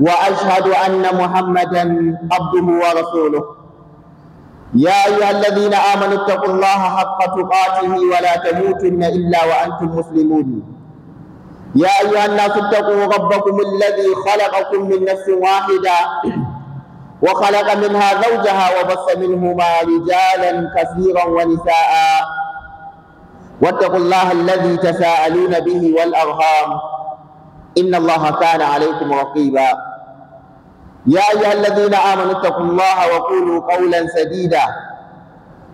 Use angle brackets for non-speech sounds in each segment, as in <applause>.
واشهد ان محمدا عبده ورسوله يا ايها الذين امنوا اتقوا الله حق تقاته ولا تموتن الا وانتم مسلمون يا ايها الناس اتقوا ربكم الذي خلقكم من نفس واحده وخلق منها زوجها وبث منهما رجالا كثيرا ونساء واتقوا الله الذي تساءلون به والارهام ان الله كان عليكم رقيبا يا أيها الذين آمنوا اتقوا الله وقولوا قولا سديدا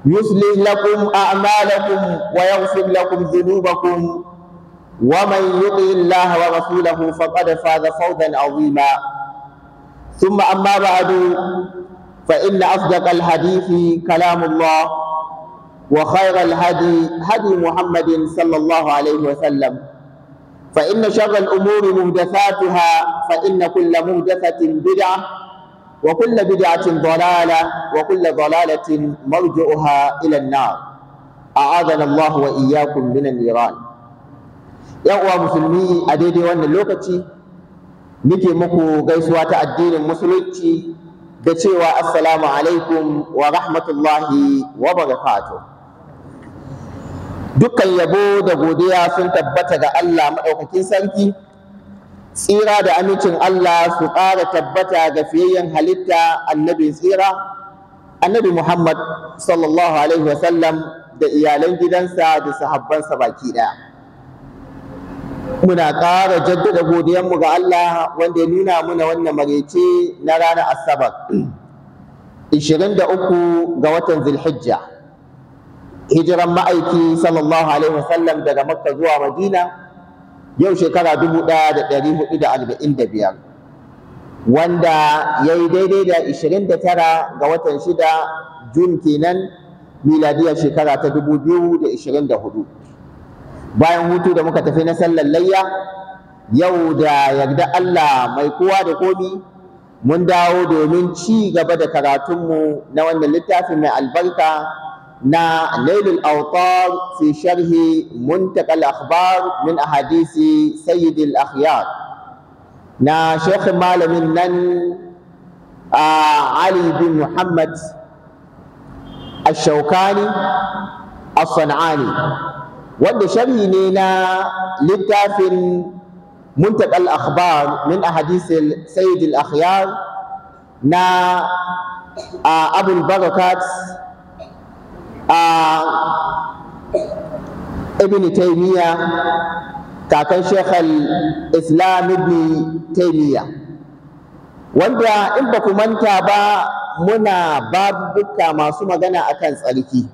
يصلح لكم أعمالكم ويغفر لكم ذنوبكم ومن يطع الله ورسوله فقد فاز فوزا عظيما ثم أما بعد فإن أصدق الحديث كلام الله وخير الهدي هدي محمد صلى الله عليه وسلم فإن شر الأمور مهدثاتها فإن كل مهدثة بدعة وكل بدعة ضلالة وكل ضلالة مرجعها إلى النار أعاذنا الله وإياكم من النيران يقوى مسلمي أديدي وأن اللوكتي muke muku gaisuwa ta addinin musulunci da cewa assalamu alaikum wa rahmatullahi wa barakatuh dukkan yabo da godiya sun tabbata ga Allah maɗaukakin sarki tsira da amincin Allah su ƙara tabbata ga fiyayyen halitta annabi tsira annabi Muhammad sallallahu alaihi wasallam da iyalan gidansa da sahabbansa baki ɗaya muna ƙara jaddada godiyanmu ga Allah wanda ya nuna muna wannan marece na ranar asabar 23 <clears throat> ga watan zulhijja hijiran ma'aiki sallallahu alaihi wasallam daga makka zuwa madina yau shekara dubu ɗaya da ɗari hudu da arba'in da biyar wanda ya yi daidai da ishirin da tara ga watan shida jun kenan miladiyar shekara ta dubu biyu da ishirin da hudu bayan hutu da muka tafi na sallar layya yau da yarda allah mai kowa da komi mun dawo domin ci gaba da karatunmu na wannan littafin mai albarka نا ليل الأوطار في شره منتقى الأخبار من أحاديث سيد الأخيار نا شيخ مال من آه علي بن محمد الشوكاني الصنعاني وند شرح نينا لتاف منتقى الأخبار من أحاديث سيد الأخيار نا آه أبو البركات a ibn taymiya kakan sheikh al-islam ibn taymiya wanda in ba ku manta ba muna babu babuka masu magana akan tsarki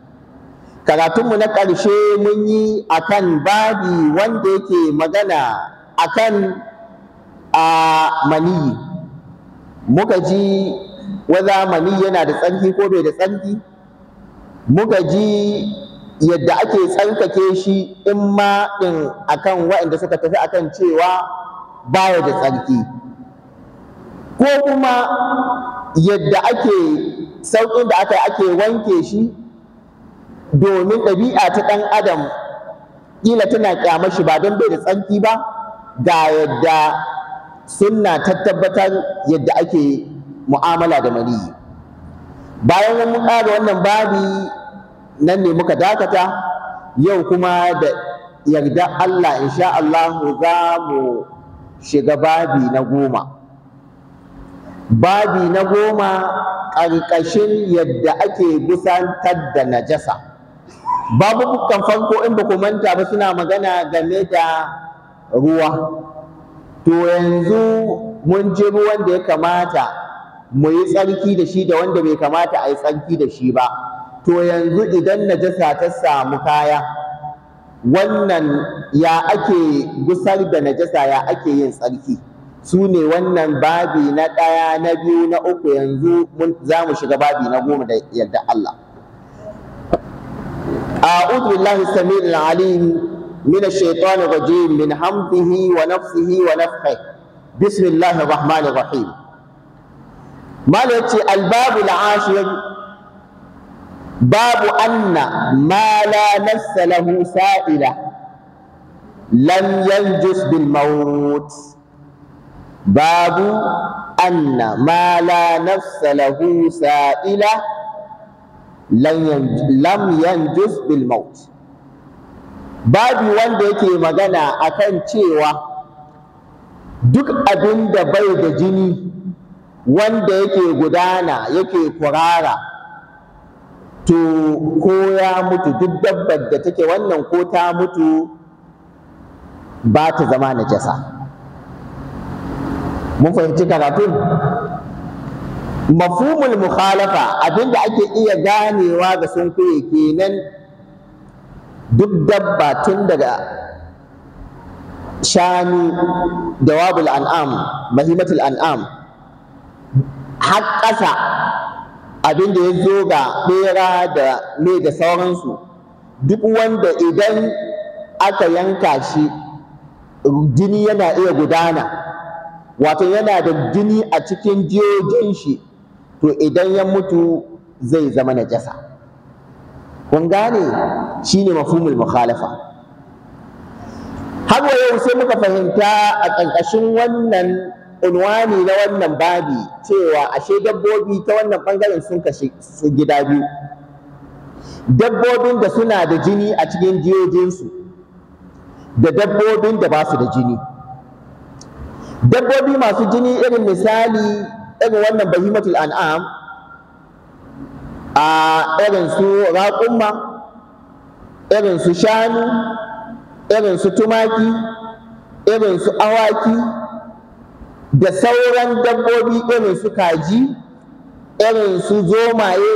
karatunmu na ƙarshe mun yi akan babi wanda yake magana akan a maniyi muka ji waza maniyi yana da tsarki ko bai da tsarki muka ji yadda ake tsankake shi in ma ɗin akan waɗanda suka tafi akan cewa baya da tsarki ko kuma yadda ake sauƙin da aka ake wanke shi domin ɗabi'a ta ɗan adam ƙila tana ƙyama shi ba don bai da tsarki ba ga yadda suna tattabbatar yadda ake mu'amala da maniyi bayan mun ƙara wannan babi nan ne muka dakata yau kuma da yarda Allah insha Allah za mu shiga babi na goma babi na goma ƙarƙashin yadda ake gusantar da najasa Babu bukkan farko in ba ku manta ba suna magana game da ruwa to yanzu mun ji ruwan da ya kamata mu yi tsarki da shi da wanda bai kamata a yi tsarki da shi ba to yanzu idan najasa ta samu kaya wannan ya ake gusar da najasa ya ake yin tsarki su ne wannan babi na ɗaya na biyu na uku yanzu za mu shiga babi na goma da yadda Allah أعوذ بالله السميع العليم من الشيطان الرجيم من حمده ونفسه ونفخه بسم الله الرحمن الرحيم mala yace albabul ashir babu anna ma la nassa lahu sa'ila lam yanjus bil maut babu anna ma la nassa lahu sa'ila lam yanjus bil maut babu wanda yake magana akan cewa duk abin da bai da jini wanda yake gudana yake kurara to ko ya mutu duk dabbar da take wannan ko ta mutu ba ta zama najasa mun fahimci karatun mafhumul mukhalafa abinda ake iya ganewa ga sun kuye kenan duk dabba tun daga shanu dawabul an'am mahimatul an'am har ƙasa abin da ya zo ga ɓera da me da sauransu duk wanda idan aka yanka shi jini yana iya gudana wato yana da jini a cikin jiyojin shi to idan ya mutu zai zama na najasa kun gane shine mafumul mukhalafa har sai muka fahimta a ƙarƙashin wannan unwani na wannan babi cewa ashe dabbobi ta wannan bangaren sun kashe su gida biyu dabbobin da suna da jini a cikin jiyojinsu da dabbobin da ba su da jini dabbobi masu jini irin misali irin wannan bahimatul an'am a irin su raƙumma irin su shanu irin su tumaki irin su awaki da sauran dabbobi irin su kaji irin su zomaye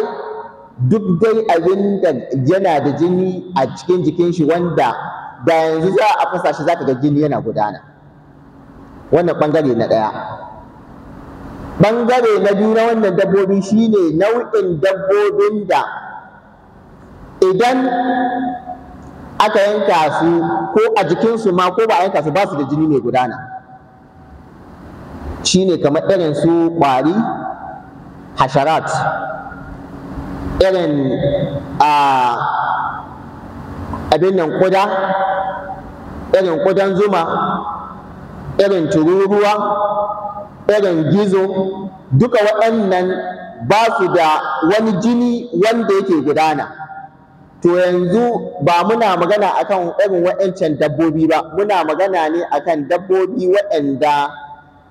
duk dai abin da yana da jini a cikin jikin shi wanda da yanzu za a fasa shi zaka ga jini yana gudana wannan bangare na ɗaya bangare na biyu na wannan dabbobi shine nau'in dabbobin da idan aka yanka su ko a jikinsu ma ko ba a yanka su ba su da jini mai gudana Shi ne kamar irin su ƙwari hasharat irin a abin nan kuda irin ƙudan zuma irin tururuwa irin gizo duka waɗannan ba su da wani jini wanda yake gudana to yanzu ba muna magana akan irin waɗancan dabbobi ba muna magana ne akan dabbobi waɗanda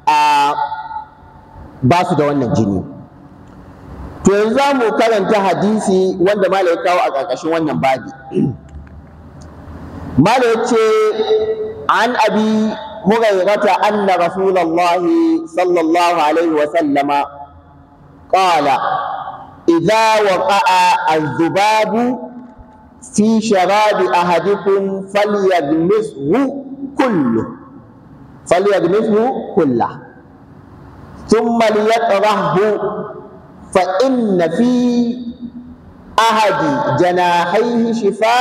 a ba su da wannan jini to yanzu za mu karanta hadisi wanda mala ya kawo a ƙarƙashin wannan babi <clears throat> mala ya ce an abi hurairata anna rasulallahi sallallahu alaihi wasallama qala idza waqa'a az-zubabu fi sharabi ahadikum falyadmishu kullum. falyadmishu kullah thumma liyaqrahu fa inna fi ahadi janahaihi shifa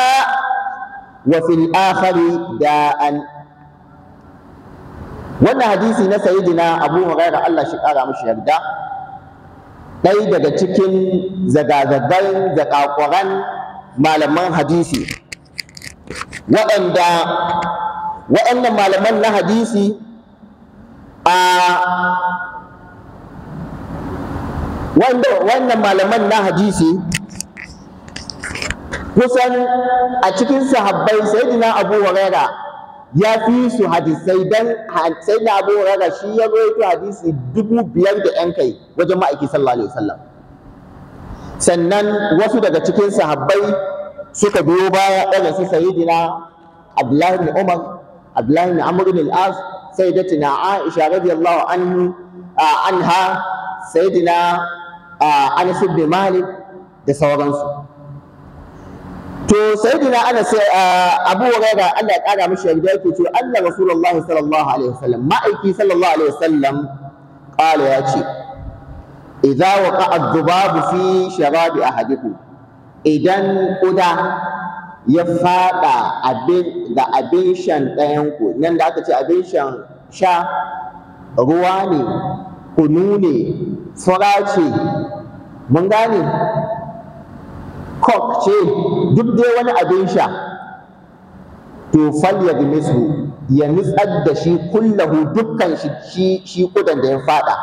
wa fil akhari da'an wannan hadisi na sayyidina Abu Hurairah Allah shi kara mishi yarda Ɗai daga cikin zagazagan zakakuran malaman hadisi waɗanda wa'annan malaman na hadisi a wannan malaman na hadisi kusan a cikin sahabbai sayyidina abu huraira ya fi su hadisai don sayyidina abu huraira shi ya rawaito hadisi dubu biyar da yan kai wajen ma'aiki sallallahu alaihi wasallam sannan wasu daga cikin sahabbai suka biyo baya irin su sayyidina abdullahi bin umar Abdullahi bin Amr bin al-As sayyidatina Aisha radiyallahu anhu anha sayyidina Anas bin Malik da sauransu to sayyidina Anas Abu Hurairah Allah ya kara mishi yarda yake cewa Allah Rasulullahi sallallahu alaihi wasallam ma'aiki sallallahu alaihi wasallam qala ya ce idza waqa'a dhubabu fi sharabi ahadikum idan kuda ya fada abin da abin shan ɗayanku nan da aka ce abin shan sha ruwa ne kunu ne fura ce mun gane kok ce duk dai wani abin sha to fal ya misu ya nutsar da shi kullahu dukkan shi shi kudan da ya fada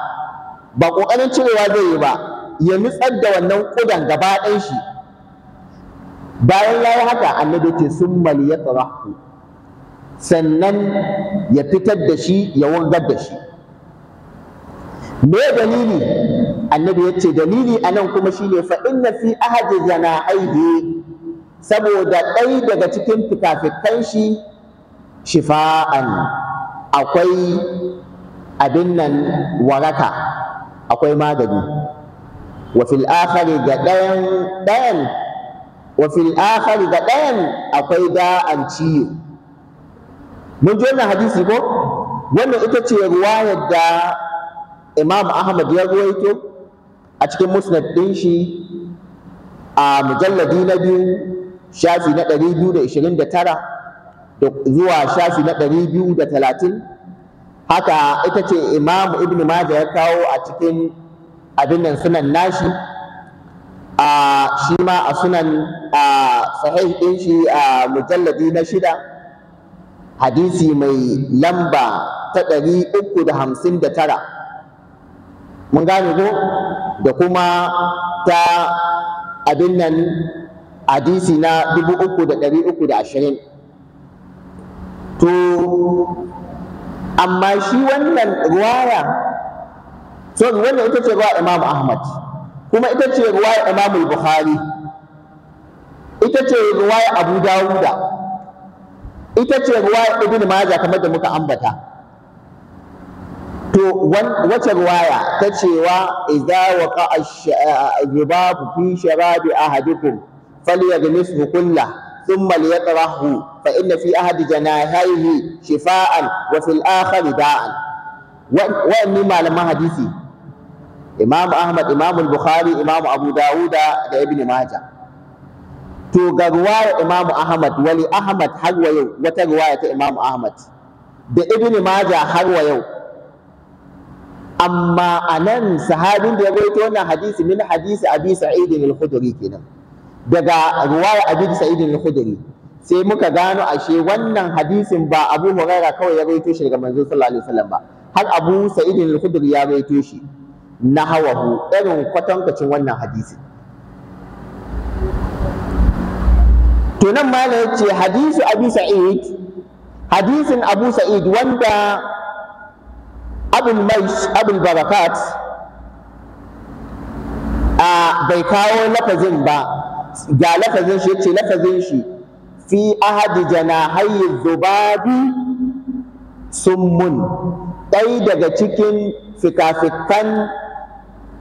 ba ƙoƙarin cirewa zai yi ba ya nitsar da wannan kudan gaba ɗan shi bayan ya yi haka annabi ce sun mali ya tsarahu sannan ya fitar da shi ya wangar da shi me dalili annabi ya ce dalili a nan kuma shine fa inna fi ahadi zana aihe saboda ɗai daga cikin fikafikan shi shifa'an akwai abin nan waraka akwai magani wa fil akhari ga ɗayan ɗayan wa fil akhari ga ɗayan akwai da'an ciwo mun ji wannan hadisi ko wannan ita ce ruwayar da Imam Ahmad ya ruwaito a cikin musnad ɗin shi a mujalladi na biyu shafi na ɗari zuwa shafi na ɗari da talatin haka ita ce imam ibn Majah ya kawo a cikin abin nan sunan nashi a shi ma a sunan a sahih din shi a mujalladi na shida hadisi mai lamba ta ɗari uku da hamsin da tara mun gane ko da kuma ta abin nan hadisi na dubu uku da ɗari uku da ashirin to amma shi wannan ruwaya so wannan ita ce ruwa imam ahmad kuma ita ce ruwaya Imam Bukhari ita ce ruwaya Abu Dawuda ita ce ruwaya Ibn Majah kamar da muka ambata to wace ruwaya ta cewa idza waqa al-jibab fi sharabi ahadikum falyaghmishu kullahu ثم ليطرحه فإن في أحد جناحيه شفاء وفي الآخر داء وأني ما لما حديثي imam ahmad imam bukhari imam abu dawuda da ibn maja to ga ruwaya imam ahmad wali ahmad har wa yau wata ruwaya ta imam ahmad da ibn maja har wa yau amma a nan sahabin da ya gaito wannan hadisi min hadisi abi sa'idin al-khudri kenan daga ruwaya abi sa'idin al-khudri sai muka gano ashe wannan hadisin ba abu Hurairah kawai ya gaito shi daga manzon sallallahu alaihi wasallam ba har abu sa'idin al-khudri ya gaito shi na hawahu irin kwatankacin wannan hadisi to nan ma ya ce hadisu abu sa'id hadisin abu sa'id wanda abul mais abul barakat a bai kawo lafazin ba ga lafazin shi ce lafazin shi fi ahadi janahayi zubabi mun. ɗai daga cikin fikafikan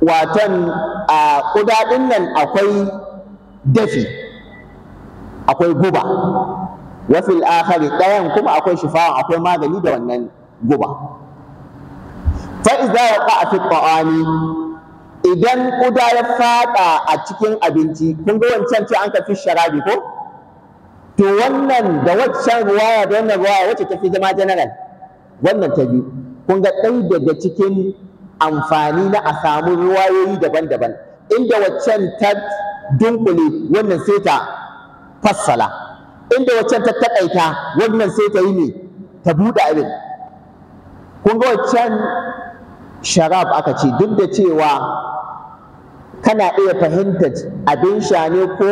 Watan a ƙuda nan akwai dafi akwai guba wasu al'akari ɗayan kuma akwai shifawa, akwai magani da wannan guba fa iza a fi ta'ani idan ƙuda ya faɗa a cikin abinci kun ga wancan ce an ka fi sharabi ko to wannan da waccan ruwaya da wannan ruwaya wacce ta fi zama general wannan ta biyu kun ga ɗaya daga cikin amfani na a samu ruwayoyi daban-daban inda waccan ta dunkule wannan sai ta fassala inda waccan ta takaita wannan sai ta yi ne ta buɗe abin kun ga waccan sharab aka ce duk da cewa kana iya fahimtar abin sha ne ko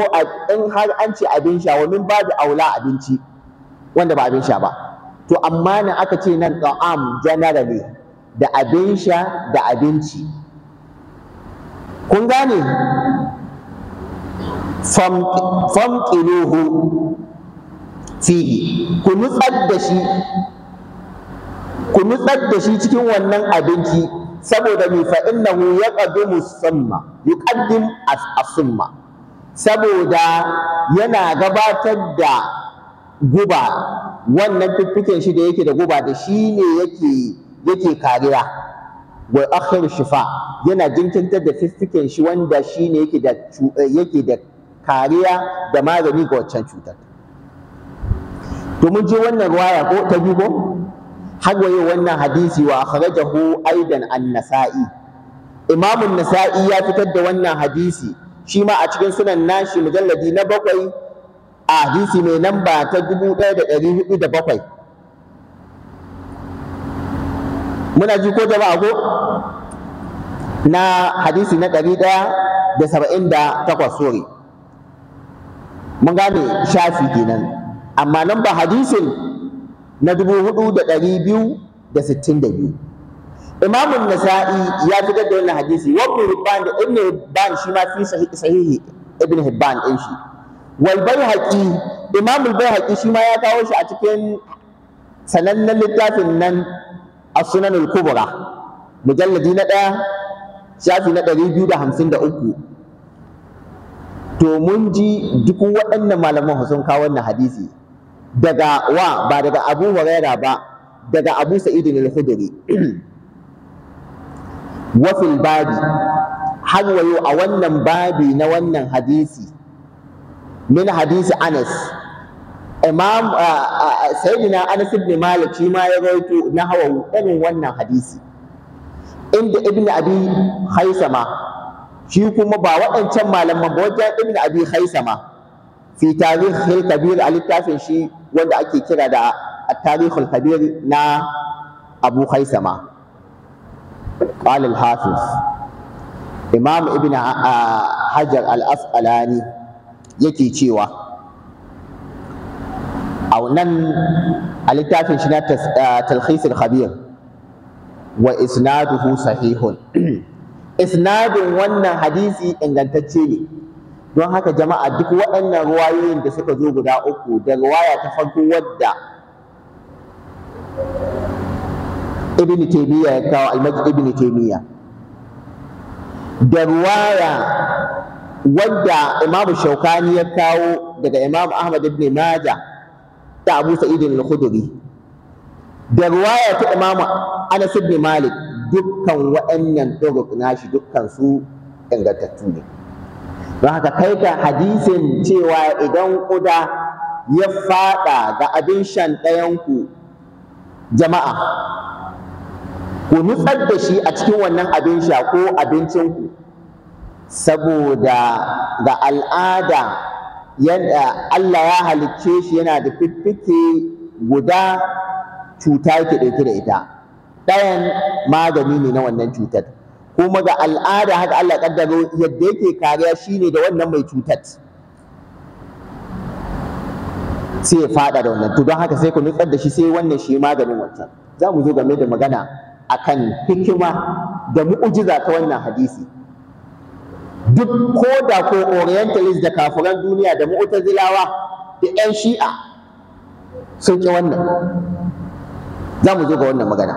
in har an ce abin sha wani babu aula abinci wanda ba abin sha ba to amma na aka ce nan ta'am generally da abin sha da abinci kun gane famƙiluhu fihi ku nutsar da shi ku nutsar da shi cikin wannan abinci saboda mi fa innahu yaqdimu summa yuqaddim as-summa saboda yana gabatar da guba wannan fiffiken shi da yake da guba da shi ne yake yake kariya wa akhir shifa yana jinkirtar da fiffiken shi wanda shi ne yake da eh, yake da kariya da magani ga waccan cutar to mun je wannan ruwaya ko ta biyu ko hagwaye wannan hadisi wa akhrajahu aidan an-nasa'i imamu an-nasa'i ya fitar da wannan hadisi shi ma a cikin sunan nashi mujalladi na bakwai a hadisi mai namba ta dubu ɗaya da ɗari hudu da bakwai muna ji ko jama'a ko na hadisi na ɗari ɗaya da saba'in da takwas sori mun gane shafi kenan amma nan ba hadisin na dubu hudu da ɗari biyu da sittin da biyu imamun nasa'i ya fitar da wannan hadisi wa ibn hibban da ibn hibban shi ma fi sahihi ibn hibban ɗin shi wal baihaqi imamul baihaqi shi ma ya kawo shi a cikin sanannen littafin nan A sunan al-kubra mujalladi na ɗaya shafi na ɗari biyu da hamsin da uku to mun ji duk waɗannan malaman sun kawo wannan hadisi daga wa ba daga abu huraira ba daga abu sa'idin al-khudri wa babi har wayo a wannan babi na wannan hadisi min hadisi anas imam sayyidina Anas ibn Malik shi ma ya rawaito na hawa irin wannan hadisi inda ibn abi haisama shi kuma ba waɗancan malaman ba wajen ibn abi haisama fi tarihil kabir a littafin shi wanda ake kira da tarihul kabir na abu haisama قال الحافظ إمام ابن حجر الأسقلاني yake cewa nan a littafin shi na talhisul khabir wa isnaduhu sahihun <clears throat> isnadin wannan hadisi ingantacce ne don haka jama'a duk waɗannan ruwayoyin da suka zo guda uku da ruwaya ta farko wadda ibn taymiya ya kawo almajid ibn taymiya da ruwaya wadda imamu shaukani ya kawo daga Imam ahmad ibn majah da Abu Sa'id al-Khudri da riwaya ta Imam Anas ibn Malik dukkan wa'annan dogon nashi dukkan su ingantattu ne don haka kai ka hadisin cewa idan kuda ya fada ga abin shan ku jama'a ku nutsar da shi a cikin wannan abin sha ko ku, saboda ga al'ada Yadda Allah ya halicce shi yana da fiffike guda cuta yake ɗauke da ita ɗayan magani ne na wannan cutar kuma ga al'ada haka Allah ƙaddaro yadda yake kariya shine da wannan mai cutar sai ya fada da wannan to don haka sai ku nutsar da shi sai wannan shi maganin wancan za mu zo game da magana akan hikima da mu'ujiza ta wannan hadisi duk ko da ko orientalist da kafiran duniya da mu'tazilawa da 'yan shi'a sun ƙi wannan za mu zo ga wannan magana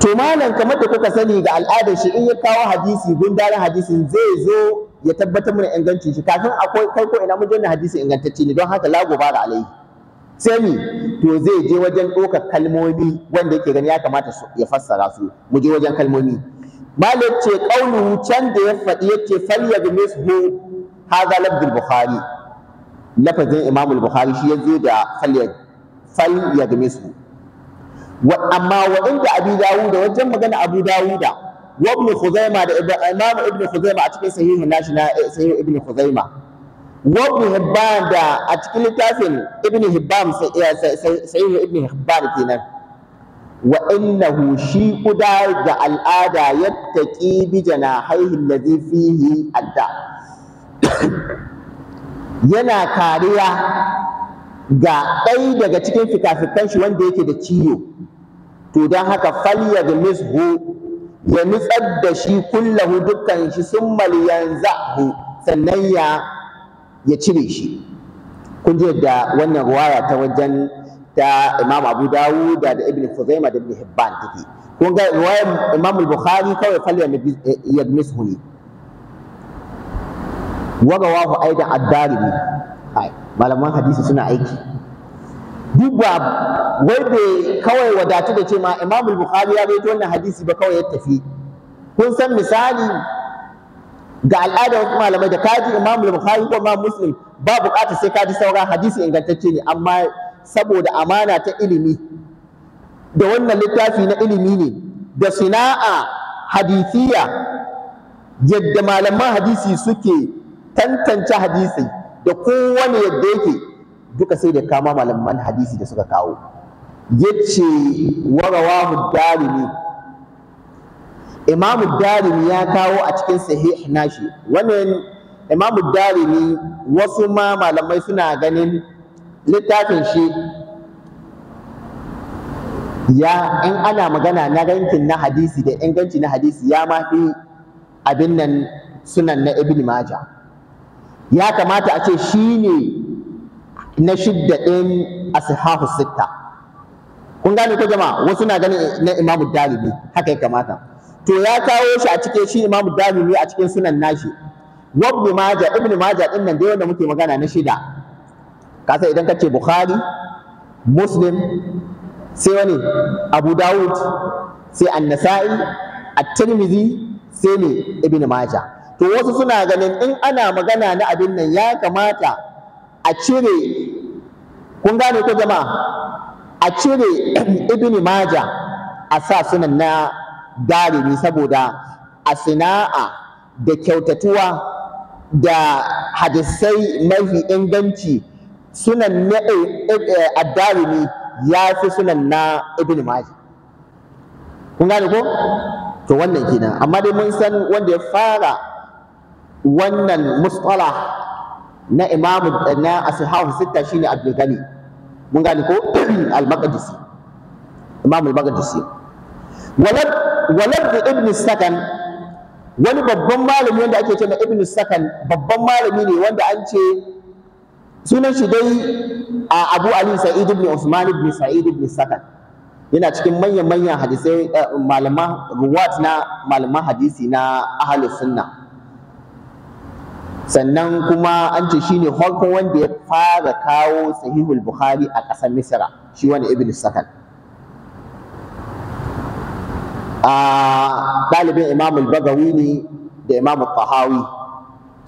to malam kamar da kuka sani ga al'adar shi in ya kawo hadisi gundarin hadisi zai zo ya tabbatar mana ingancin shi kafin akwai kai ko ina mun hadisi ingantacce ne don haka la gobara alaihi sai mi to zai je wajen ɗaukar kalmomi wanda yake gani ya kamata ya fassara su mu je wajen kalmomi malik ce kaulu can da ya faɗi yace falyadmishu hadha labdul bukhari lafazin imam al-bukhari shi yazo da Falya da wa amma wa inda abi da wajen magana abu dawuda da, ibn khuzaima da imam ibn khuzaima a cikin sahihin nashi na sahih ibn khuzaima wa ibn da a cikin littafin ibn hibban sai ibn da kenan wa innahu shi kuda ga al'ada yattaqi bi janahaihi allazi fihi adda yana kariya ga ɗai daga cikin fikafikan shi wanda yake da ciwo to don haka falya da misbu ya nutsar da shi kullahu dukkan shi sun yanzahu sannan ya ya cire shi kun ji da wannan ruwaya ta wajen ta Imam Abu Dawud da Ibn Khuzaimah da Ibn Hibban take kun ga riwayar Imam Bukhari kawai fal eh, yadmisu ne wa wahu aidan ad-Darimi malaman hadisi suna aiki duk ba wai bai kawai wadatu da ce ma Imam Bukhari ya bai wannan hadisi ba kawai ya tafi kun san misali ga al'ada wasu malamai da kaji Imam Bukhari ko Imam Muslim ba bukata sai kaji sauran hadisi ingantacce ne amma saboda amana ta ilimi da wannan littafi na ilimi ne da sina'a hadisiya yadda malaman hadisi suke tantance hadisi da kowane yadda yake duka sai da kama malaman hadisi da suka kawo yace warawahu darimi imamu darimi ya kawo a cikin sahih nashi wannan imamu darimi wasu ma malamai suna ganin littafin shi ya in ana magana na rankin na hadisi da inganci na hadisi ya ma fi abin nan sunan na ibn maja ya kamata a ce shi ne na shidda ɗin asihahu sitta kun gane ko jama'a wasu na ganin na imamu dalibi haka ya kamata to ya kawo shi a cikin shi imamu dalibi a cikin sunan nashi wabnu maja ibn maja ɗin nan da wanda muke magana na shida kasa idan kace ce bukhari muslim sai wani abu dawud sai annasai at-tirmidhi sai ne ibn majah to wasu suna ganin in ana magana na abin nan ya kamata a cire kun gane ko jama'a a cire <clears throat> ibn majah a sa sunan na darimi saboda a sina'a da kyautatuwa da hadisai mafi inganci sunan na eh, eh, addarimi ya fi sunan na ibn maji kun gane ko to wannan kenan amma dai mun san wanda ya fara wannan mustala na imamu na ashabu sitta shine abdul gani mun gane ko <clears throat> al-maqdisi imamu al-maqdisi walad walad ibn sakan wani babban malami wanda ake cewa ibn sakan babban malami ne wanda an ce sunan shi dai a abu ali sa'id ibn usman ibn sa'id ibn sakan yana cikin manyan manyan hadisai eh, malaman ruwat na malaman hadisi na ahlus sunna sannan kuma an ce shine farkon wanda ya fara kawo sahihul bukhari a ƙasar misra shi wani ibn sakan a ɗalibin imamul bagawi ne da Imam al tahawi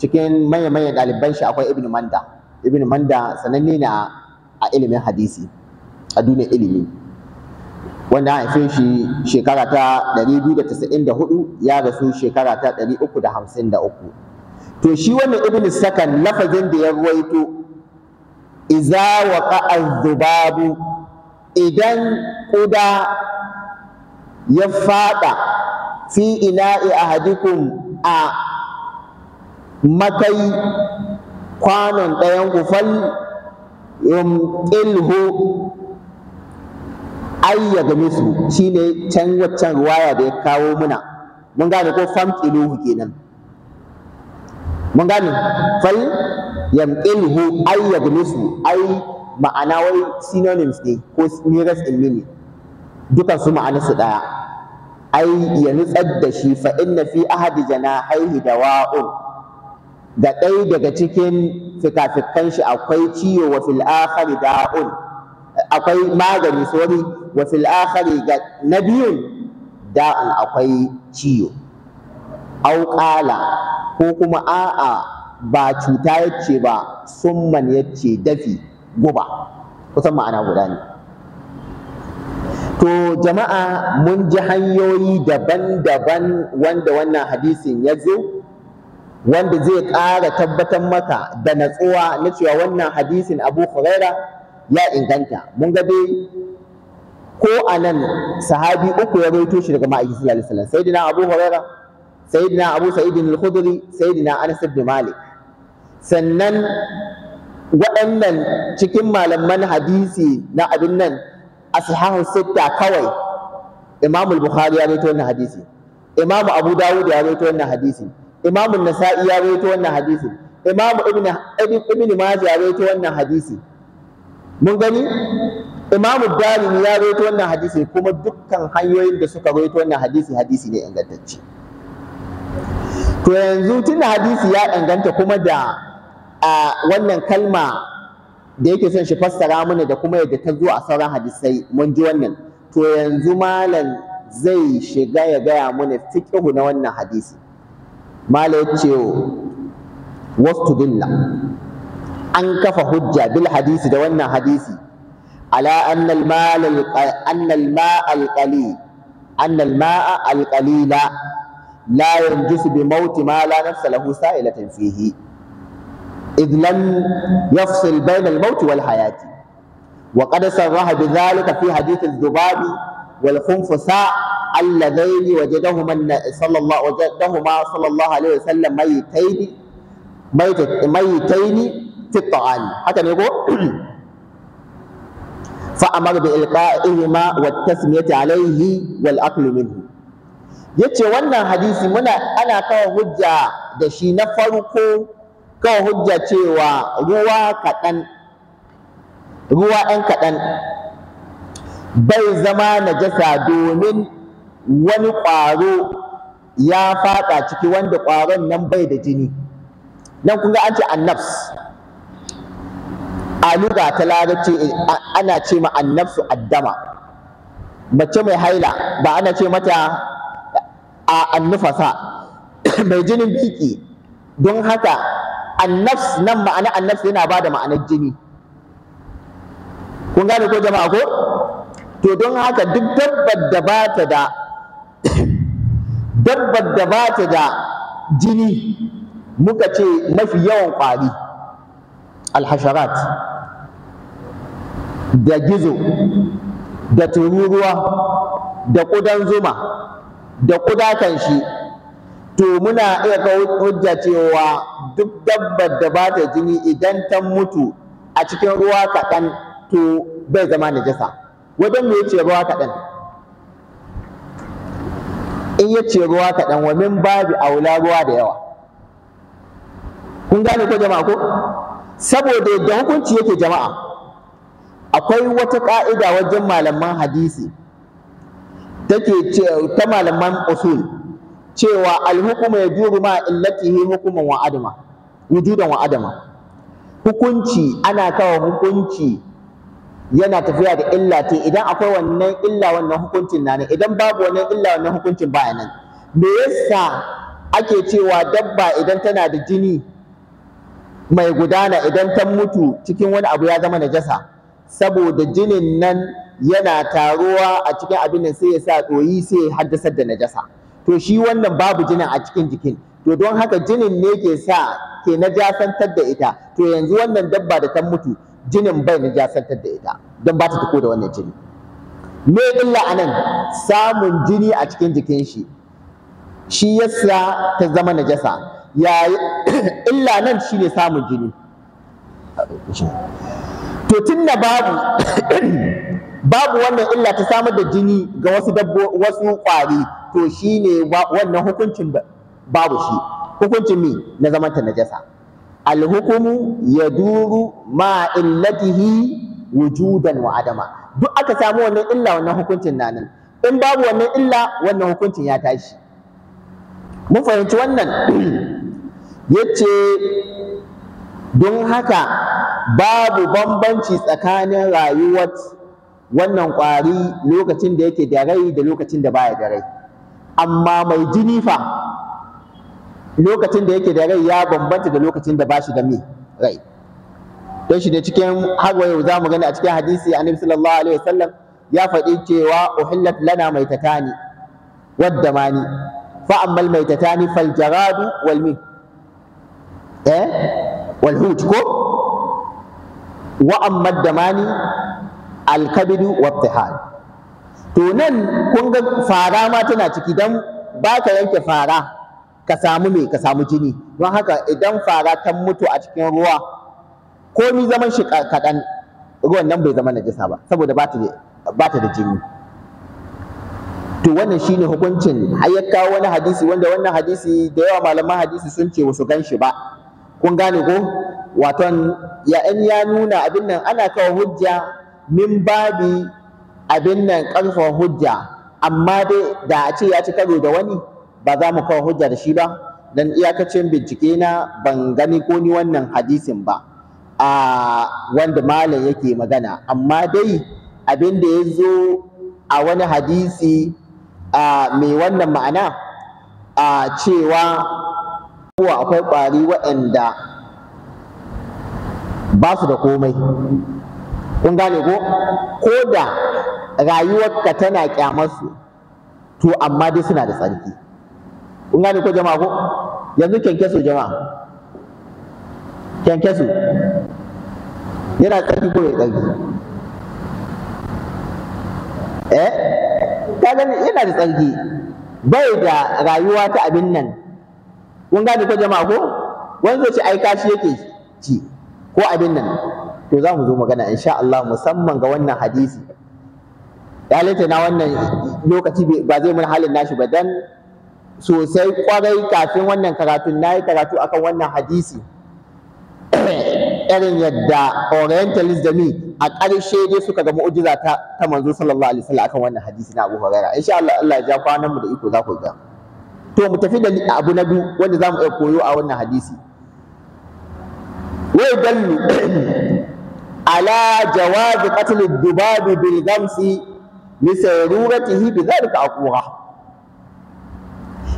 cikin manyan manyan ɗaliban shi akwai ibn manda ibn manda sananne ne a ilimin hadisi a duniyar ilimi wanda an haife shi shekara ta 294 ya rasu shekara ta 353 to shi wannan ibn sakan lafazin da ya ruwaito iza ka'ar zubabu idan kuda ya fada fi ina'i ahadikum a makai kwanon ɗayan kufal fal yumqilhu ayya ga misu ne can waccan ruwaya da ya kawo muna mun gane ko fam ke kenan mun gane fal yamqilhu ayya ga misu ai ma'ana wai synonyms ne ko nearest in mini dukan su ma'ana su ɗaya ai ya nutsar da shi fa inna fi ahadi da wa'un ga ɗaya daga cikin fikafikan shi akwai ciwo wa fil akhari da'un akwai magani sori wa fil ga na biyun da'un akwai ciwo au qala ko kuma a'a ba cuta yace ba summan yace dafi guba kusan ma'ana guda ne to jama'a mun ji hanyoyi daban-daban wanda wannan hadisin ya zo wanda zai ƙara tabbatar maka da natsuwa na cewa wannan hadisin abu huraira ya inganta mun ga dai ko a nan sahabi uku ya rawaito shi daga ma'aiki sallallahu alaihi wasallam sayyidina abu huraira sayyidina abu sa'id al-khudri sayyidina anas ibn malik sannan waɗannan cikin malaman hadisi na abin nan ashahu sitta kawai imamu al-bukhari ya rawaito wannan hadisi imamu abu dawud ya rawaito wannan hadisi imamun nasa'i ya rawaito wannan hadisi imamu ibn ibn majah ya rawaito wannan hadisi mun gani imamu Dalil ya rawaito wannan hadisi kuma dukkan hanyoyin da suka rawaito wannan hadisi hadisi ne ingantacce to yanzu tun hadisi ya inganta kuma da wannan kalma da yake son shi fassara mana da kuma yadda ta zo a sauran hadisai mun ji wannan to yanzu malam zai shiga ya gaya mana fiqhu na wannan hadisi ما ليتيو وسط دلة أنكف حجة بالحديث ده حديثي على أن المال أن الماء القليل أن الماء القليل لا ينجس بموت ما لا نفس له سائلة فيه إذ لم يفصل بين الموت والحياة وقد سرها بذلك في حديث الذبابي والخنفساء اللذين وجدهما صلى الله وجدهما صلى الله عليه وسلم ميتين ميت ميتين في الطعام حتى يقول فأمر بإلقائهما والتسمية عليه والأكل منه yace wannan hadisi muna ana kawo hujja da shi na farko kawo hujja cewa ruwa kaɗan ruwa ɗan kaɗan bai zama najasa domin wani ƙwaro ya faɗa ciki wanda ƙwaron nan bai da jini nan kun ga an ce annafs a luga ta larabci eh, ana ce ma annafsu addama mace mai haila ba ana ce mata a annufasa <coughs> mai jinin biki don haka annafs nan ma'ana annafs yana ba da ma'anar jini kun gane ko jama'a ko to don haka duk dabbar da ba ta da dabbar da ba ta da jini muka ce mafi yawan ƙwari alhasharat da gizo da tururuwa da kudan zuma da kan shi to muna iya kawo hujja cewa duk dabbar da ba ta jini idan ta mutu a cikin ruwa kaɗan to bai zama najasa. jasa wajen mai ce ruwa kaɗan in ce ruwa kaɗan wa min babi aula ruwa da yawa kun gane ko jama'a ko saboda yadda hukunci yake jama'a akwai wata ƙa'ida wajen malaman hadisi take ce ta malaman usul cewa alhukuma ya duru ma illatihi hukuman wa adama wujudan wa adama hukunci ana kawo hukunci yana tafiya da illa te idan akwai wannan illa wannan hukuncin na ne idan babu wannan illa wannan hukuncin baya nan me yasa ake cewa dabba idan tana da jini mai gudana idan ta mutu cikin wani abu ya zama najasa saboda jinin nan yana taruwa a cikin abin nan sai ya sa ɗoyi sai ya haddasar da najasa to shi wannan babu jinin a cikin jikin to don haka jinin ne ke sa ke najasantar da ita to yanzu wannan dabba da ta mutu jinin bai na jasantar da ita don ba ta tuko da wannan jini me illa anan samun jini a cikin jikin shi shi yasa ta zama najasa ya <coughs> illa nan ne samun jini to tunda babu <coughs> babu wannan illa ta samar da jini ga wasu dabbo wasu kwari to shi ne wannan hukuncin babu shi hukuncin mi na zamanta najasa alhukumu ya duru ma illatihi wujudan wa adama duk aka samu wannan illa wannan hukuncin na nan in babu wannan illa wannan hukuncin ya tashi mun fahimci wannan <clears throat> yace don haka babu bambanci tsakanin rayuwar wannan ƙwari lokacin da yake da rai da lokacin da baya da rai amma mai jini fa lokacin da yake da rai ya bambanta da lokacin da ba shi da mi rai don shi ne cikin har yau za mu gani a cikin hadisi annabi sallallahu alaihi wasallam ya faɗi cewa uhillat lana maitatani wadda mani fa ammal maitatani fal jaradu wal mi eh wal hut ko wa amma damani al kabidu wa to nan kun ga fara ma tana ciki dan ba ka yanke fara ka samu me ka samu jini don haka idan fara ta mutu a cikin ruwa Ko komi zaman shi kaɗan ruwan nan bai zama najasa ba saboda ba ta da jini to wannan shine hukuncin ayyaka wani hadisi wanda wannan hadisi da yawa malaman hadisi sun ce wasu gan shi ba kun gane ko waton ya in ya nuna abin nan ana kawo hujja min babi abin nan ƙarfa hujja amma dai da a ce ya ci karo da wani ba za mu kawo hujja shi ba dan iyakacin bincike na ban gani ko ni wannan hadisin ba a wanda malam yake magana amma dai abin da ya zo a wani hadisi a mai wannan ma'ana a cewa kowa akwai ƙwari waɗanda ba su da komai kun gane ko ko da rayuwarka tana kyamarsu to amma dai suna da tsarki kun gane ko jama'a ko yanzu kyankyaso jama'a kyankyaso yana tsaki ko ya tsaki eh Ta gani yana da tsarki bai da rayuwa ta abin nan kun gane ko jama'a ko wani zai ce ai kashi yake ci ko abin nan to za mu zo magana insha Allah musamman ga wannan hadisi ya na wannan lokaci ba zai mun halin nashi ba dan sosai kwarai kafin wannan karatu, na yi karatu akan wannan hadisi <clears throat> irin yadda orientalist da ni a ƙarshe dai suka ga mu'ujiza ta ta manzo sallallahu alaihi wasallam akan wannan hadisi na Abu Hurairah insha Allah Allah ya ja kwanan mu da iko za ku ga to mu tafi da abu na biyu wanda za mu iya koyo a wannan hadisi wai dallu <clears throat> ala jawazi qatl ad dubab bil ghamsi li bi dhalika aqwa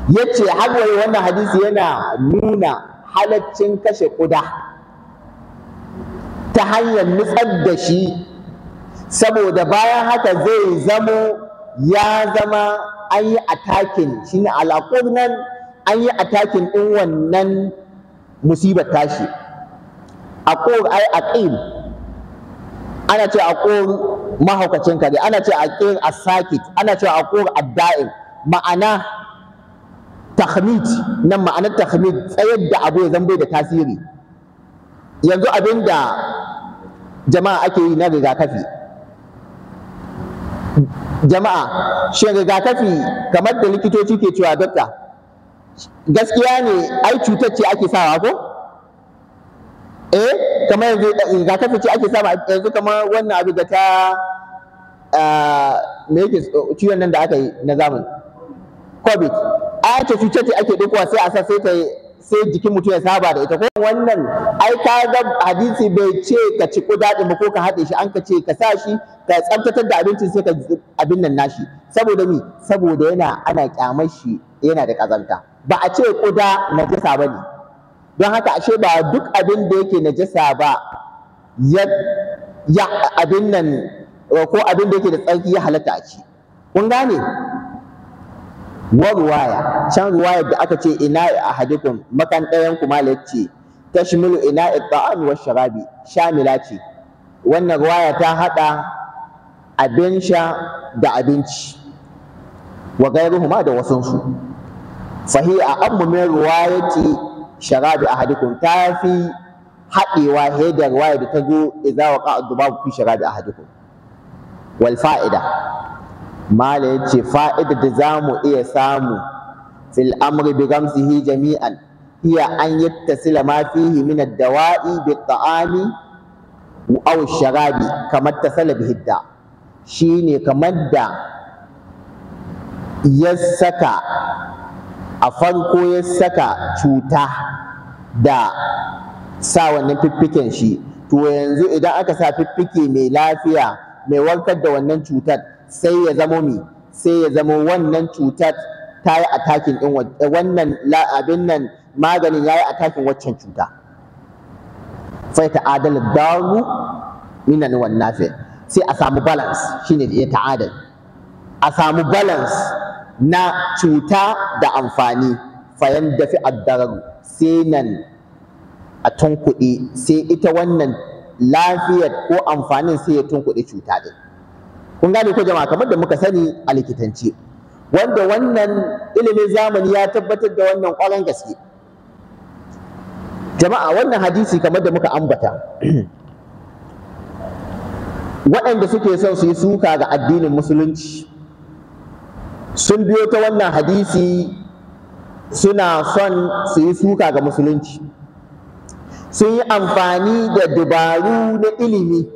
yace hagwaye wannan hadisi yana nuna halaccin kashe kuda ta hanyar nutsar da shi saboda bayan haka zai zamo ya zama an yi atakin shi ne nan an yi atakin ɗin wannan musibar tashi a ai aqil ana ce a ƙor mahaukacin kare ana ce a a sakit ana ce a ƙor da'in ma'ana tahmid nan ma'anar tahmid tsayar da abu ya zambai da tasiri yanzu abin da jama'a ake yi na rigakafi jama'a shin rigakafi kamar da likitoci ke cewa dokta gaskiya ne ai cutar ce ake sawa ko eh kamar yanzu eh, rigakafi ce ake sawa yanzu kamar wannan abu da ta ah, me yake ciwon nan da aka yi na zamani covid ce cuce ce ake dokuwa sai a sa sai ta sai jikin mutum ya saba da ita ko wannan ai ka ga hadisi bai ce ka ci kudaɗin ba ko ka haɗe shi an ka ce ka sa shi ka tsaftatar da abincin sai ka abin nan nashi saboda mi saboda yana ana kyamar shi yana da kazanta ba a ce kuda najasa ba ne don haka ashe ba duk abin da yake najasa ba ya ya abin nan ko abin da yake da tsarki ya halatta a ci kun gane wa ruwaya can ruwaya da aka ce ina ahadikum makan ɗayan kuma ce tashmilu ina ta'am wa sharabi shamila ce wannan ruwaya ta hada abin sha da abinci wa gairuhuma da wasansu fahiya amma min ruwayati sharabi ahadikum ta fi haɗewa hedar ruwaya da ta zo idza waqa ad-dubab fi sharabi ahadikum wal fa'ida mala yace fa'ida da za mu iya samu fil amri bi gamsihi jami'an iya an yattasila ma fihi min ad-dawa'i bi ta'ami aw sharabi kamar tasala bihi hidda shine kamar da ya saka a farko ya saka cuta da sa wannan fiffiken shi to yanzu idan aka sa fiffike mai lafiya mai warkar da wannan cutar sai ya zamo mi sai ya zamo wannan cutar ta yi atakin din eh, wannan abin nan maganin ya yi atakin waccan cuta sai ta adala daru minan wannafi sai a samu balance shine ya ta'adal a samu balance na cuta da amfani fayan dafi addararu sai nan a tunkuɗe sai ita wannan lafiyar ko amfanin sai ya tunkuɗe cuta din kun gane ko jama'a kamar da muka sani a likitance wanda wannan ilimin zamani ya tabbatar da wannan ƙwaron gaske jama'a wannan hadisi kamar da muka ambata <clears throat> waɗanda suke son su yi suka ga addinin musulunci sun biyo ta wannan hadisi suna son su yi suka ga musulunci sun yi amfani da dubaru na ilimi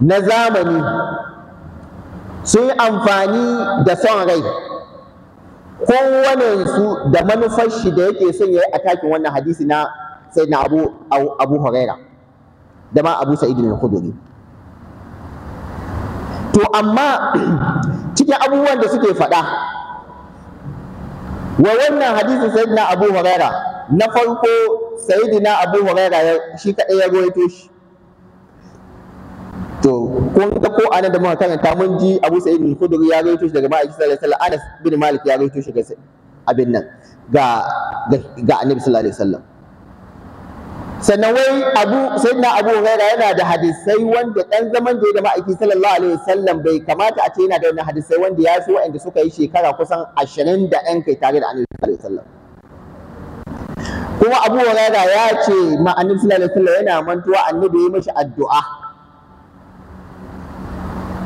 na zamani sun yi amfani da son rai kowane su da manufar shi da yake son yayi atakin wannan hadisi na na Abu Abu Huraira da ma Abu Sa'id bin khudri to amma <clears throat> cikin abubuwan da suke faɗa wa wannan hadisin sayyidina Abu Huraira na farko sayyidina Abu Huraira shi kadai ya ruwaito shi kun ga ko anan da muka ta mun ji Abu Sa'id bin khudri ya rawaito shi daga Ma'aiki sallallahu alaihi wasallam Anas bin Malik ya rawaito shi ga abin nan ga ga Annabi sallallahu alaihi wasallam sannan wai Abu Sayyidina Abu Hurairah yana da hadisai wanda dan zaman da ya da Ma'aiki sallallahu alaihi wasallam bai kamata a ce yana da wannan hadisai wanda ya so waɗanda suka yi shekara kusan 20 da ɗan kai tare da Annabi sallallahu alaihi wasallam kuma Abu Hurairah ya ce ma Annabi sallallahu alaihi wasallam yana mantuwa Annabi ya mishi addu'a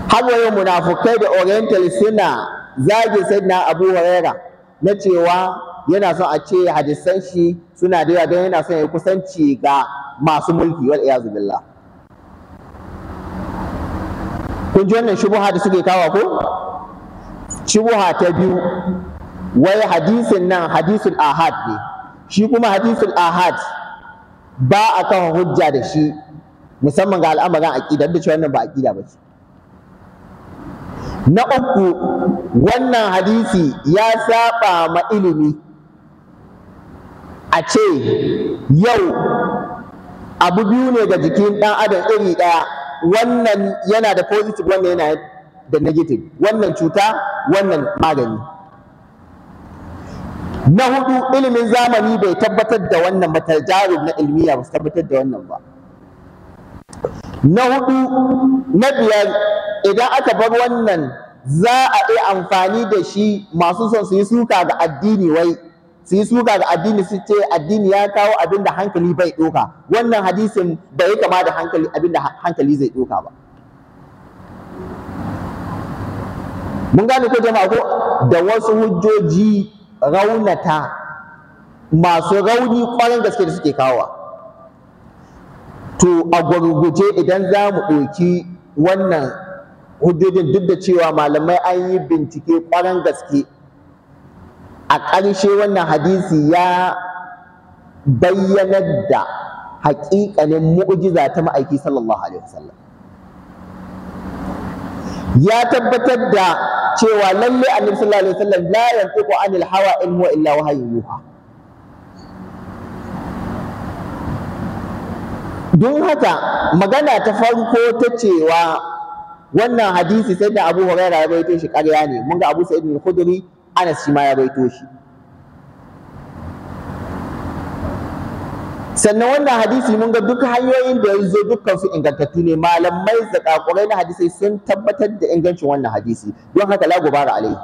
har munafukai da Oriental suna zagin sayyidina abu huraira na cewa yana son a ce hadisan shi suna da yawa don yana son ya kusanci ga masu mulki wal iyazu billah kun ji wannan shubuha da suke kawo ko shubuha ta biyu wai hadisin nan hadisul ahad ne shi kuma hadisul ahad ba a kawo hujja da shi musamman ga al'amarin aqida da cewa wannan ba aqida ba ce na uku wannan hadisi ya saba ma ilimi a ce yau abu biyu ne ga jikin ɗan adam iri ɗaya wannan yana da positive wannan yana da negative wannan cuta wannan magani na hudu ilimin zamani bai tabbatar da wannan ba tajarub na ilmiya ba su tabbatar da wannan ba na hudu na biyar idan aka bar wannan za a iya amfani da shi masu son su yi suka ga addini wai su yi suka ga addini su ce addini ya kawo abin da hankali bai ɗoka wannan hadisin bai yi kama da hankali abin da hankali zai ɗoka ba mun gane ko jama'a ko da wasu hujjoji raunata masu rauni kwarin gaske da suke kawo to a gurguje idan za mu ɗauki wannan hujjojin duk da cewa malamai an yi bincike ƙwarar gaske a ƙarshe wannan hadisi ya bayyana da haƙiƙanin mu'jiza ta ma'aiki sallallahu alaihi wasallam ya tabbatar da cewa lalle annabi sallallahu alaihi wasallam la yantiqu anil hawa in huwa illa wahyu yuha don haka magana ta farko ta cewa wannan hadisi sai da Abu Hurairah ya baito shi ƙarya ne mun ga Abu Sa'id bin khudri Anas shi ma ya baito shi sannan wannan hadisi mun ga duk hanyoyin da ya zo dukkan su ingantattu ne malamai zakakurai na hadisai sun tabbatar da ingancin wannan hadisi don haka la gubara alai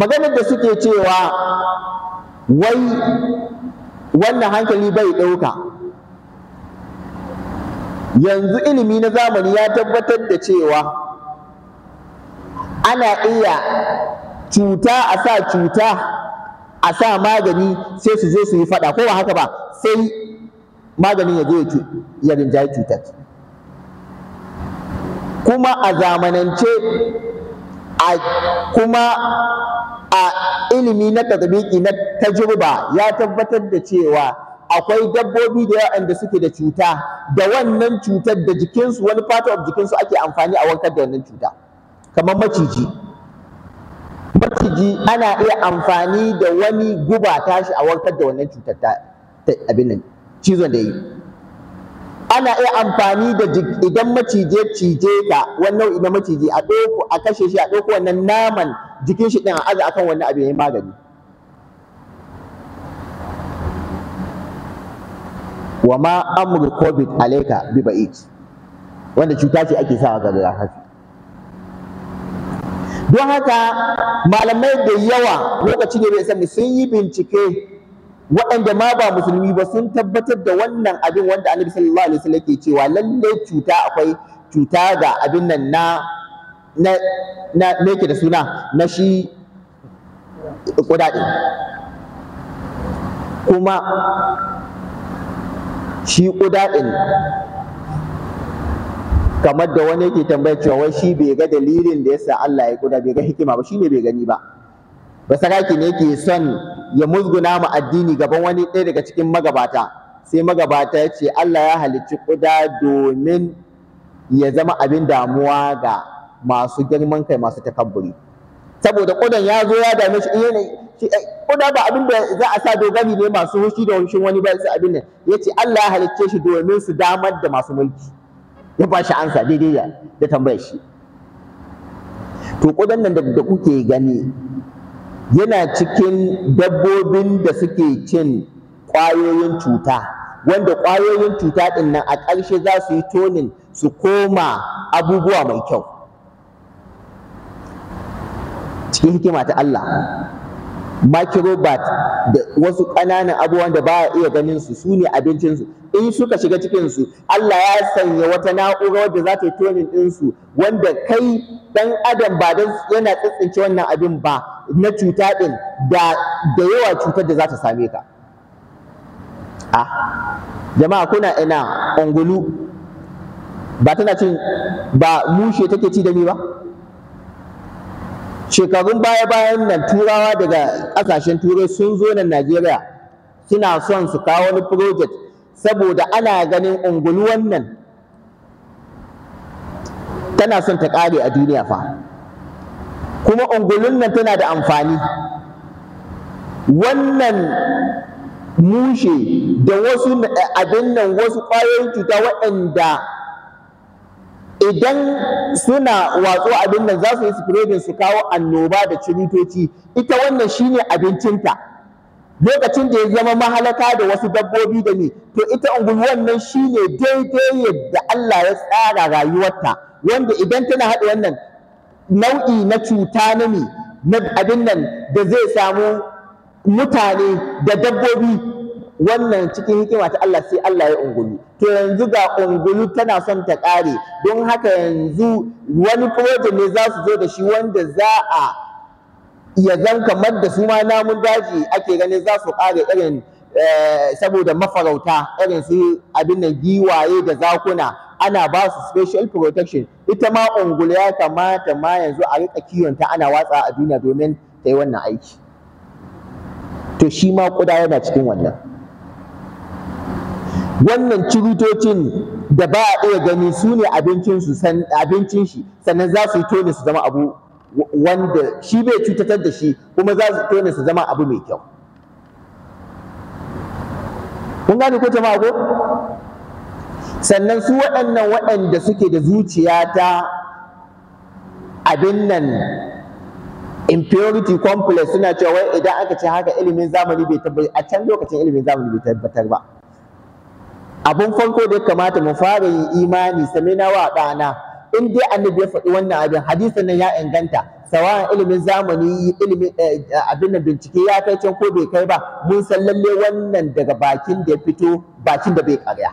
maganar da suke cewa wai wannan hankali bai ɗauka yanzu ilimi na zamani ya tabbatar da cewa ana iya cuta a sa cuta a sa magani sai su zo su yi fada ko ba haka ba sai maganin ya zo ya rinjaye cutar kuma a zamanance a kuma a ilimi na tadbiki na tajirba ya tabbatar da cewa akwai dabbobi da yawa da suke da cuta da wannan cutar da jikinsu wani part of jikinsu ake amfani a wankar da wannan cuta kamar maciji maciji ana iya amfani da wani guba tashi a wankar da wannan cutar ta abin nan cizon da yi ana iya amfani da idan macije cije ka wani nau'i na maciji a ɗauko a kashe shi a ɗauko wannan naman jikin shi ɗin a aza akan wannan abin magani wa ma amru covid alayka bi ba'id wanda cuta ce ake sawa ga rigakafi don haka malamai da yawa lokaci da bai sani sun yi bincike waɗanda ma ba musulmi ba sun tabbatar da wannan abin wanda annabi sallallahu alaihi wasallam ke cewa lallai cuta akwai cuta ga abin nan na na na da suna na shi kudaden kuma shi ƙuda ɗin kamar da wani yake tambaya cewa wai shi bai ga dalilin da yasa Allah ya ƙuda bai ga hikima ba shi ne bai gani ba Ba saraki ne yake son ya musguna mu addini gaban wani ɗaya daga cikin magabata sai magabata ya ce Allah ya halicci ƙuda domin ya zama abin damuwa ga masu girman kai masu takabburi saboda ƙudan ya zo ya dame shi Eh, ko da ba abin da za a sa dogari ne masu hushi da hushin wani ba su abin nan ce Allah ya halicce shi domin su damar da masu mulki ya ba shi ansa daidai da tambayar shi to kudan nan da kuke gani yana cikin dabbobin da suke cin ƙwayoyin cuta wanda ƙwayoyin cuta ɗinnan nan a ƙarshe za su yi tonin su koma abubuwa mai kyau cikin hikima ta Allah microbat da wasu ƙananan abubuwan da ba a iya ganin su su ne abincinsu in suka shiga cikin su Allah ya sanya wata na'ura wadda za ta yi tonin ɗinsu wanda kai ɗan adam ba don yana tsitsince wannan abin ba na cuta ɗin da yawa cutar da za ta same ka a ah, jama'a kuna ina ungulu ba tana cin ba mushe take ci da ni ba shekarun baya-bayan nan turawa daga ƙasashen turai sun zo nan najeriya suna son su kawo wani project saboda ana ganin unguluwan nan tana son ta ƙare a duniya fa kuma ungulun nan tana da amfani wannan mushe da wasu abin nan wasu ƙwayoyin cuta waɗanda idan suna watsu abin nan za su yi spreading su kawo annoba da ciritoci ita wannan shine abincinta lokacin da ya zama mahalaka da wasu dabbobi da ni to ita ungulu wannan shine daidai yadda Allah ya tsara rayuwarta wanda idan tana haɗa wannan nau'i na cuta na ni na abin nan da zai samu mutane da dabbobi wannan cikin hikima ta Allah sai Allah ya ungulu to yanzu ga ungulu tana son ta ƙare don haka yanzu wani project ne za su zo da shi wanda za a ya zan kamar da su ma namun daji ake ganin za su ƙare irin eh, saboda mafarauta irin su abin da giwaye da zakuna ana ba su special protection ita ma ungulu ya kamata ma yanzu a riƙa kiwonta ana watsa a duniya domin ta yi wannan aiki to shi ma ƙuda yana cikin wannan wannan cirutocin da ba a iya gani su ne abincin shi sannan za su yi tone su zama abu wanda shi bai cutatar da shi kuma za su tone su zama abu mai kyau kun gane ko jama'a ko sannan su waɗannan waɗanda suke da zuciya ta abin nan impurity complex suna cewa idan aka ce haka ilimin zamani bai tabbatar a can lokacin ilimin zamani bai tabbatar ba abun farko da ya kamata mu fara yin imani na wa ɗana in dai annabi ya faɗi wannan abin hadisin nan ya inganta sawa ilimin zamani ilimin eh, abin da bincike ya kai can ko bai kai ba mun san lalle wannan daga bakin da ya fito bakin da bai karya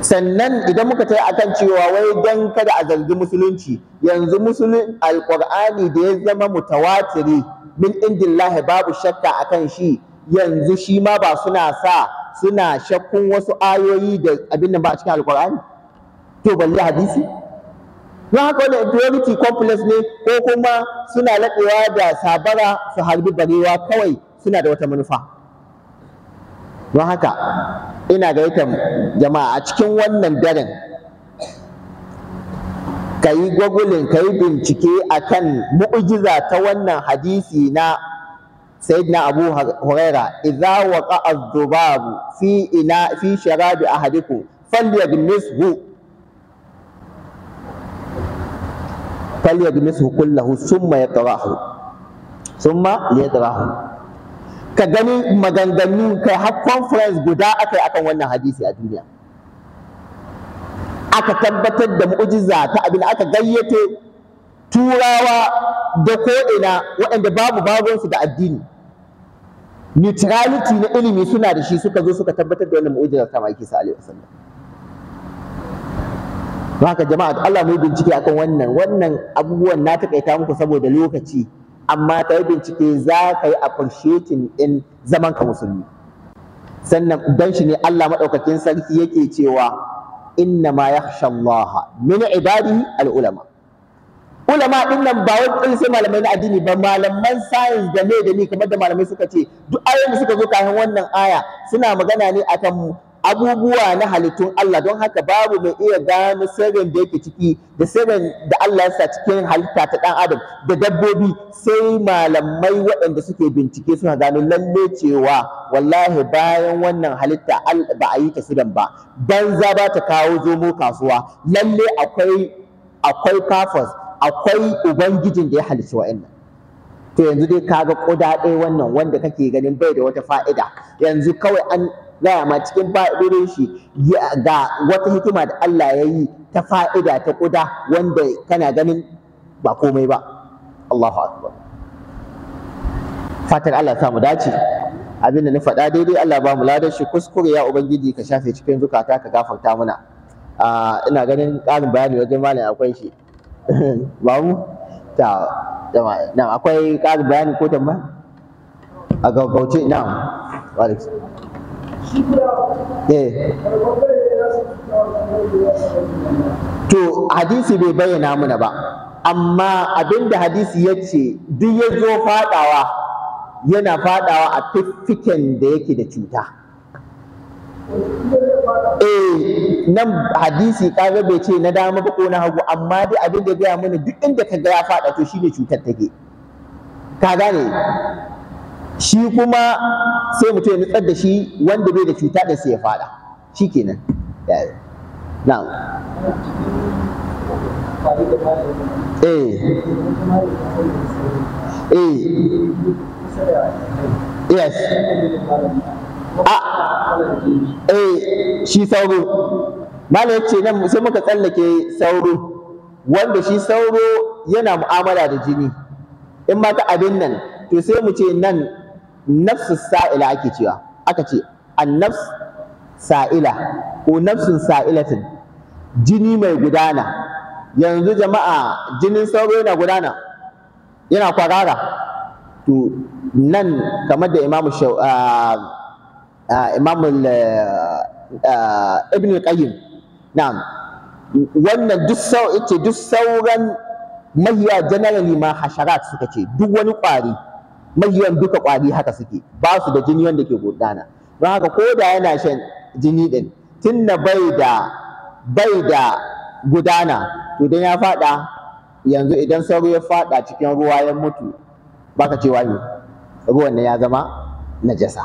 sannan idan muka tai akan cewa wai dan kada a zargi musulunci yanzu musulun alqur'ani da ya zama mutawatiri min indillahi babu shakka akan shi yanzu shi ma ba suna sa suna shakkun wasu ayoyi da abin da ba a cikin alkur'ani to balle hadisi don haka wani authority complex ne ko kuma suna laɗewa da sabara su harbi barewa kawai suna da wata manufa don haka ina gaitan jama'a a cikin wannan daren ka yi gwagulin ka yi bincike a kan mu'ujiza ta wannan hadisi na sayyidina abu huraira idza waqa adh-dhubab fi ina fi sharabi ahadikum falyadmishu falyadmishu kullahu summa yatrahu summa yatrahu ka gani maganganu kai har conference guda akai akan wannan hadisi a duniya aka tabbatar da mu'jiza ta abin aka gayyato turawa da ko'ina waɗanda babu babansu da addini neutrality na ilimi suna da shi suka zo suka tabbatar da wannan mu'ujizar ta maki sallallahu alaihi wasallam haka jama'a Allah mu bincike akan wannan wannan abubuwan na takaita muku saboda lokaci amma ta yi bincike za ka yi appreciating in zaman ka musulmi sannan dan shi ne Allah madaukakin sarki yake cewa inna ma yakhsha Allah min ibadihi al ulama ulama din nan ba wai sai malamai na addini ba malaman science da da ni kamar da malamai suka ce duk ayoyin da suka zo kafin wannan aya suna magana ne akan abubuwa na halittun Allah don haka babu mai iya gano sirrin da yake ciki da sirrin da Allah ya sa cikin halitta ta dan adam da dabbobi sai malamai waɗanda suke bincike suna gano lalle cewa wallahi bayan wannan halitta ba a yi ta sirrin ba banza ba ta kawo zomo kasuwa lalle akwai akwai purpose akwai ubangijin da ya halicci wa'annan to yanzu dai kaga ƙuda ɗaya wannan wanda kake ganin bai da wata fa'ida yanzu kawai an gaya ma cikin fa'idodin shi ga wata hikima da Allah ya yi ta fa'ida ta kuda wanda kana ganin ba komai ba Allahu akbar fatan Allah ta mu dace abin da na faɗa daidai Allah ba mu ladan shi kuskure ya ubangiji ka shafe cikin zukata ka gafarta mana ah, ina ganin ƙarin bayani wajen malam akwai shi <laughs> babu ta na akwai ƙarin bayani ko tambaya a gaggauce na walik eh to hadisi bai bayyana muna ba amma abinda hadisi ya ce duk ya zo faɗawa yana faɗawa a fiffiken da yake da cuta eh nan hadisi kaga bai ce na dama ba ko na hagu amma dai abin da gaya mana duk inda ka ga ya faɗa to shine cutar take ka gane shi kuma sai mutum ya nutsar da shi wanda bai da cuta da sai ya faɗa shikenan eh, na'am eh eh yes eh shi sauro malam ya ce nan sai muka tsallake sauro wanda shi sauro yana mu'amala da jini in ma ta abin nan to sai mu ce nan nafsu sa'ila ake cewa aka ce annafs sa'ila ko nafsun sa'ilatin jini mai gudana yanzu jama'a jinin sauro yana gudana yana kwarara to nan kamar da imamu ah, Imam Ibn al-Qayyim na'am wannan duk sau ita duk sauran mahiya generally ma hasharat suka ce duk wani kwari mayyan duka kwari haka suke ba su da jini wanda ke gudana don haka ko da yana shan jini din tunda bai da bai da gudana to ya fada yanzu idan sauro ya fada cikin ruwa ya mutu baka cewa ne ruwan ne ya zama najasa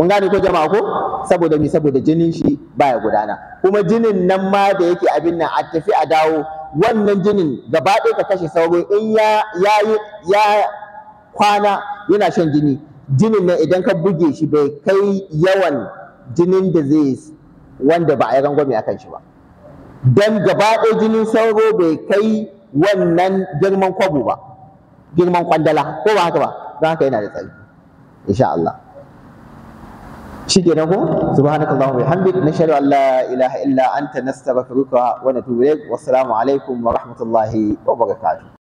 kun gane ko jama'a ko saboda mi saboda jinin shi baya gudana kuma jinin nan ma da yake abin nan a tafi a dawo wannan jinin gaba ɗaya ka kashe sauro in ya ya ya kwana yana shan jini jinin nan idan ka buge shi bai kai yawan jinin da zai wanda ba a yi rangwame akan shi ba dan gaba ɗaya jinin sauro bai kai wannan girman kwabo ba girman kwandala ko ba haka ba za haka yana da tsari insha Allah shikenan ko subhanakallahumma bihamdik nashhadu an la ilaha illa anta nastaghfiruka wa natubu ilaik wasalamu alaikum wa rahmatullahi wa barakatuh